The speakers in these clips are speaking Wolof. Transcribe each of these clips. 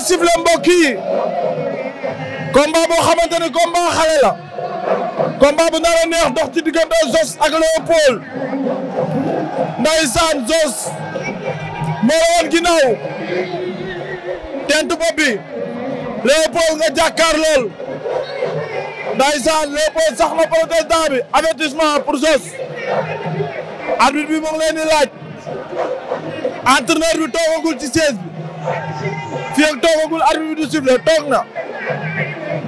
la sifflé mbokk yi combat boo xamante ne combat xale la combat bu nar a neex dox ci diggante Zoss ak Léopold ndaysaan Zoss moo la woon ginnaaw tent bopp bi Léopold nga jàkkaar lool ndaysaan Léopold sax ma protestant bi avertissement pour Zoss arbitre bi mu ngi leen di laaj entraîneur bi toogagul ci siège bi fii ak toogagul arbitre bi du sifflé toog na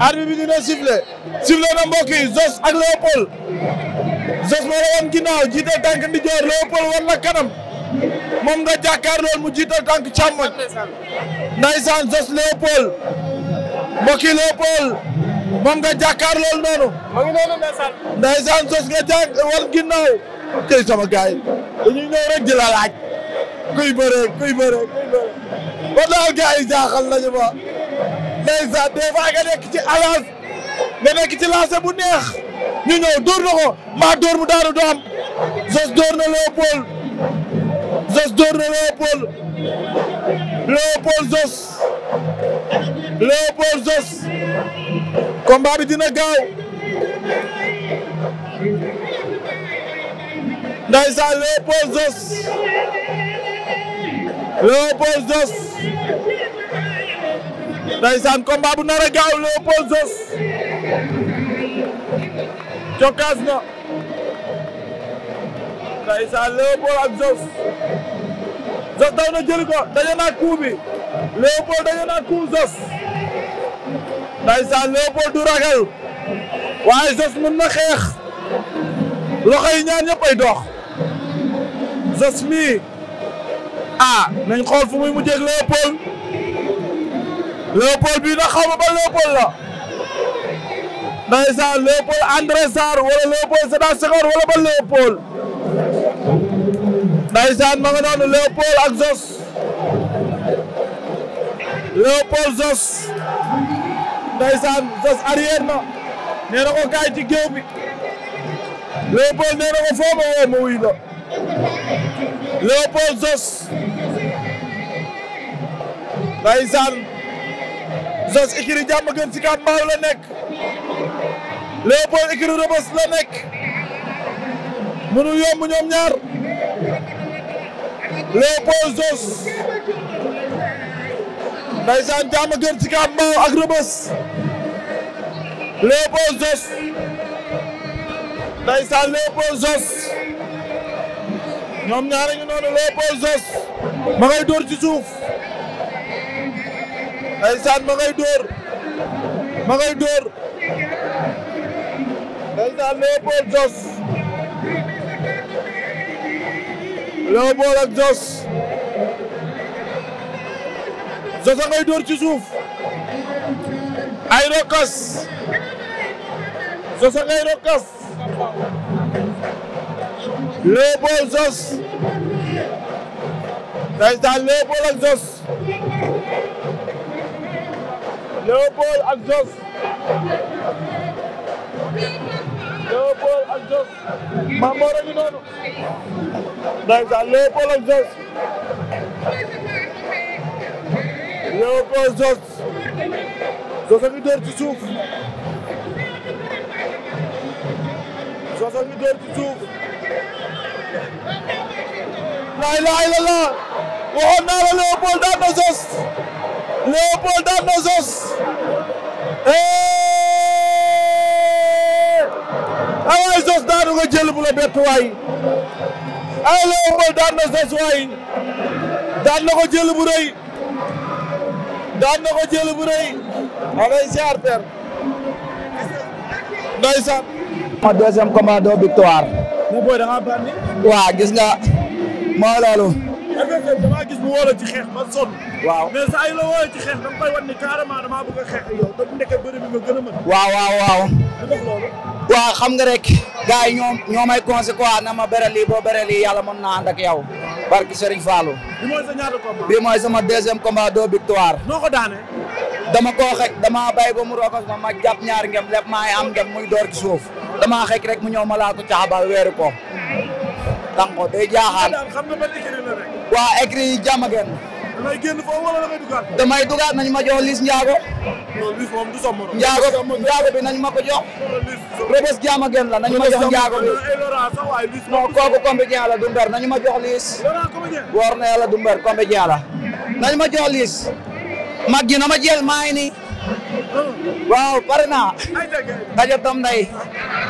arbitre bi dina sifflé sifflé na mbokk yi Zoss ak Léopold Zoss moo la woon ginnaaw jiital tànk ndijoor Léopold war na kanam moom nga jàkkaar lool mu jiital tànk càmmoñ ndaysaan Zoss Léopold mbokk yi Léopold moom nga jàkkaar lool noonu ndaysaan Zoss nga jàkk war ginnaaw tey sama gars yi dañuy ñëw rek di la laaj kuy bëree kuy bëree kuy bëree ba daal gars yi jaaxal nañu ma. ndeysaan des fois nekk ci alal nga nekk ci bu neex ñu ñëw dóor na ko mbaa dóor mu daanu doom Zoss dóor na Léopold Zoss dóor na Léopold Léopold Zoss dina gaaw ndeysaan Léopold Zoss Léopold Zoss ndeysaan combat bu nar a gaaw Léopold Zoss jokkaas na ndeysaan Léopold ak Zoss Zoss daw na jëli ko daje naa coup bi Léopold du ragal waaye Zoss mën na xeex loxo yi ñaar ñëpp ay dox Zoss mii ah nañ xool fu muy mujjee ak Léopold Léopold bi na xaw ma ban Léopold la ndeysaan Léopold André Sarr wala Léopold Sédar Senghor wala ban Léopold ndeysaan ma nga noonu Léopold ak Zos Léopold Zos ndeysaan Zos arrière na nee na ko kaay ci géew bi nee na ko foo ma woo ma wuy la Léopold Zos Zoss écurie Diamaguène Sicap Mbao la nekk Léopold écurie Rebeuss la nekk mënul yomb ñoom ñaar Léopold Zoss ndaysaan Diamaguène Sicap Mbao ak Rebeuss Léopold Zoss ndaysaan Léopold Zoss ñoom ñaar a ngi noonu Léopold Zoss ma ngay dóor ci suuf ndeysaan ma ngay dóor dóor ak Jos Jos a ngay dóor ci suuf ay rokas Jos a ngay rokas Léopold Jos ndeysaan Léopold ak Jos Léopold ak Jos Léopold ak Jos noonu ndeysaan ak Jos Léopold Jos Jos a ngi dóor ci Jos a ngi dóor ci suuf laa ilaaha illallaah waxoon naa la Léopold na Jos Léopold daan na Jos daanu nga jël bu la bett waay ay la ëmbal daan na sas waay daan na ko jël bu rëy daan na ko jël bu rëy alay ah, siar père ndeysaan ma deuxième combat doo victoire mo boy da nga bànni waaw gis nga moo loolu effectivement damaa gis mu woo la ci xeex man sonn. waaw mais saa yu la woo ci xeex dama koy wan ni carrément damaa bëgg a xeex yow te bu nekkee bëri bi nga gën a mën. waaw waaw waaw. waa xam nga rek gars yi ñoo may conseil na ma bëre lii boo bëre lii yàlla mën naa ànd ak yow. barki Serigne Fallou. bi mooy sa ñaata combat. bi mooy sama deuxième combat doo victoire. noo ko daane. dama koo xëj dama bàyyi ba mu rokos ma ma ñaar ñaari ngem maa ngi am ngem muy door ci suuf dama xëj rek mu ñëw ma laa ko caaba weeru ko. tànk ko day jaaxaan. waaw écrit yi jàmm ngay génn foofu wala dangay dugaat. damay ma jox Liss Ndiago. non Liss bi nañ ma ko jox. Rebeuss jaama gën la nañ ma jox Ndiago bi. non kooku comédien la du mbër nañ ma jox Liss. war na yàlla du mbër comédien la. nañ ma jox Liss. mag gi na ma jël maa ngi nii. waaw pare naa. rajo Tom Ndeye.